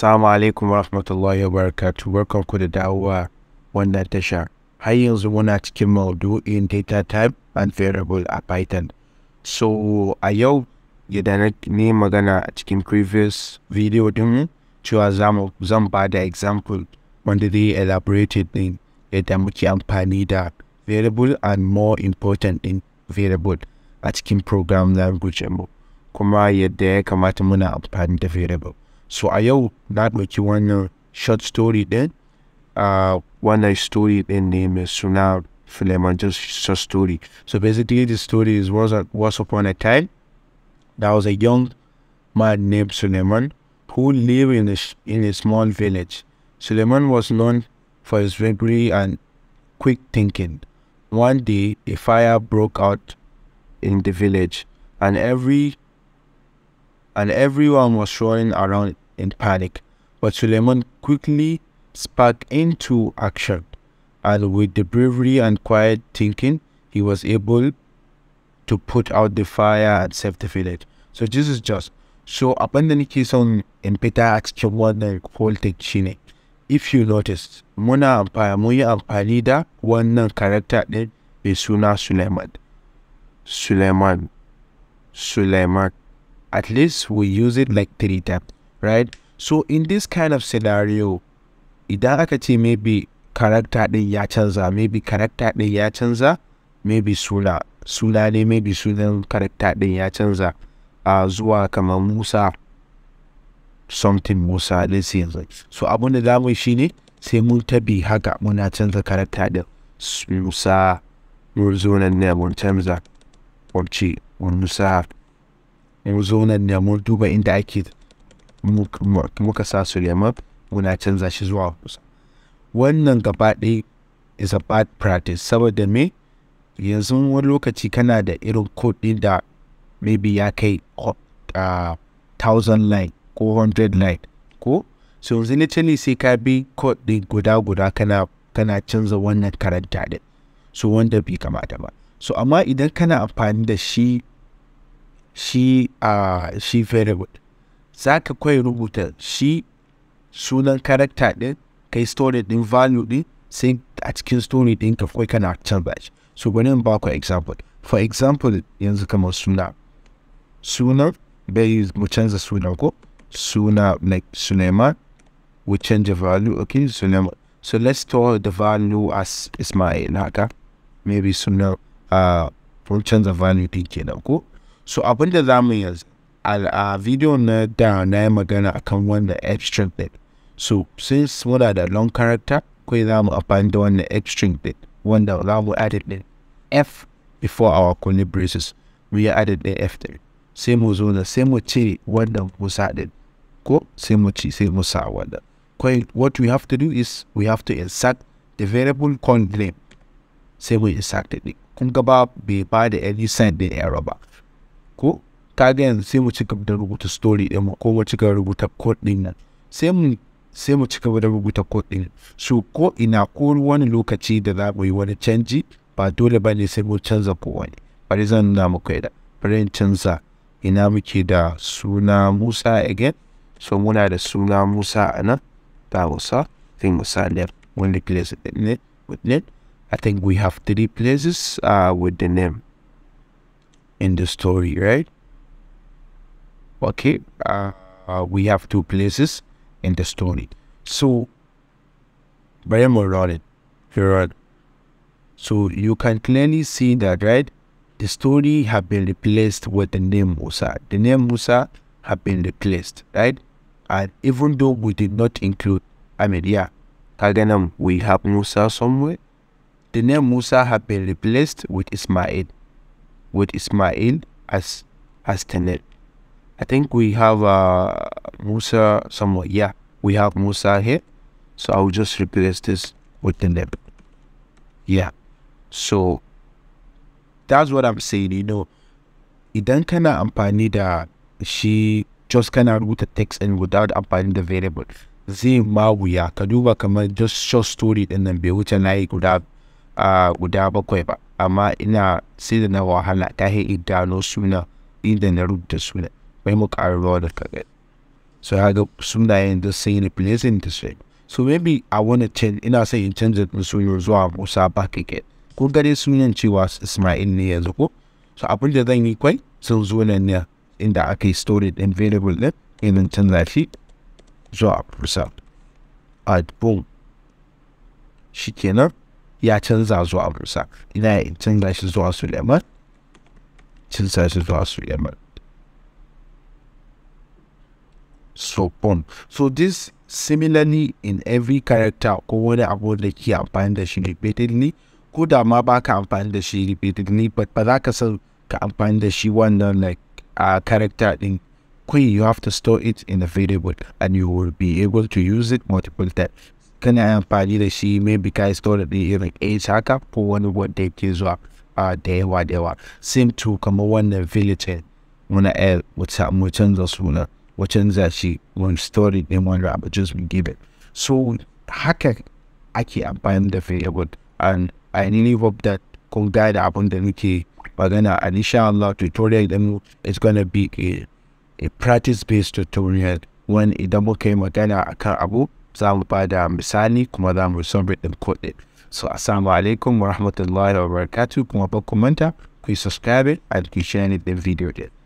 Assalamu alaikum wa wa barakatu barkan ku da dawowa wannan tasha har yanzu muna cikin maudu'in data type and variable a Python. So a yau idan ne magana a cikin previous video din cewa zamu zan ba da example wanda zai elaborated din yadda muke amfani da variable and more important din variable a cikin program language mu kuma yadda ya kamata muna amfani da variable. so I'll a yau na ɗauki one short story then. uh, wannan story ɗin ne mai suna just short story so basically the story is was, a, was upon a time there was a young man named Suleiman who lived in a, in a small village. Suleiman was known for his bravery and quick thinking. One day, a fire broke out in the village, and every and everyone was roaring around in panic. But Suleiman quickly sparked into action, and with the bravery and quiet thinking, he was able to put out the fire and save the village. So this is just so Upon the nake son in Peter asked cikin wannan voltage if you noticed, Mona amfani mun yi amfani one character named Besuna suna Suleiman Suleiman Suleiman at least we use it like three times, right? So in this kind of scenario, idan aka maybe character the yachanza maybe character the yachanza maybe sula sula ne maybe sula character the yachanza canza uh, zuwa Musa something Musa let's like. So abun da zamu shi ne sai mun tabi haka muna canza character din Musa mun zo nan ne mun canza wamce mun Musa mu zo nan ne mu duba inda ake muka sa su remap muna canza shi zuwa kusa wannan gaba ɗaya is a bad practice saboda me yanzu wani lokaci kana da irin code da maybe ya kai ah, thousand line ko hundred line ko so yanzu literally sai ka bi code ɗin guda guda kana kana canza wannan karanta ɗin so wanda bai kamata ba so amma idan kana amfani da shi she uh, she very good. Zaka kawai rubuta She sunan character ɗin kai story ɗin value ɗin sai a cikin story ɗin ka kawai kana canza shi so when i ba ku example for example yanzu kamar suna suna bai mu canza suna ko suna like suleiman we change the value okay suleiman so let's store the value as ismail naka. maybe suna uh, for change the value ɗin kenan ko so abin da za mu yanzu a video na da na yi magana akan wanda string din so since muna da long character kawai za mu amfani da wannan string din wanda za mu added din f before our curly braces mu yi added din f din sai mu zo da sai mu cire wanda mu sa din ko sai mu ci sai mu sa wanda kawai what we have to do is we have to insert the variable called name sai mu insert din kun gaba bai ba da any sign din error ba ko kaga yanzu sai mu ci da rubuta story din mu ko mu ci rubuta code din nan sai mu sai mu ci da rubuta code din so ko ina ko wani lokaci da za mu yi wani canji ba dole ba ne sai mu canza kowane bari zan nuna muku yadda bari canza ina muke da suna musa again so muna da suna musa a nan ta musa thing musa left only place with it with it i think we have three places uh, with the name in the story, right? Okay, uh, uh, we have two places in the story. So, Brian Morales, Gerard. So you can clearly see that, right? The story have been replaced with the name Musa. The name Musa have been replaced, right? And even though we did not include, I mean, yeah, Kaganam, we have Musa somewhere. The name Musa have been replaced with Ismail. with Ismail as as tenet. I think we have uh, Musa somewhere. Yeah, we have Musa here. So I'll just replace this with Tenet. Yeah. So that's what I'm saying, you know. Idan kana amfani da she just kana rubuta text in without amfani da variable See, ma wuya ka duba kamar just short story and I bai have, uh, guda guda bakwai ba amma ina sai da na wahala ta yi idano suna inda na rubuta suna mai mu ruwa da kaga so ga sunayen da sai replacing the same so maybe I want to change ina sai in canza din sunan zuwa Musa ka get ko gare sunan cewa Ismail ne yanzu ko so abin da zan yi kwai sun zo nan ne inda aka yi stored din variable din irin canza shi zuwa Musa at boom kenan Yeah, ya canza zuwa Musa ina canza shi zuwa Suleiman canza shi zuwa Suleiman so on so this similarly in every character ko wani abu da ke amfani da shi repeatedly ko da ma ba ka amfani da shi repeatedly but ba za ka san ka amfani da shi wannan like a character in queen you have to store it in a variable and you will be able to use it multiple times kana amfani da shi maybe ka store da like age haka ko wani wanda yake zuwa they uh, yawa they were. same to come kamar the village muna air mu canza suna mu canza shi When story one wani but just we give it so haka ake amfani da variable and I really hope that kun gane abin da but then and uh, inshallah tutorial them. It's gonna be a, a practice based tutorial when idan muka yi I can abu Samu Bada misali kuma za mu son So assalamu alaikum wa rahmatullahi wa barakatuh kuma ba ku manta ku yi subscribe a duk sharing video din.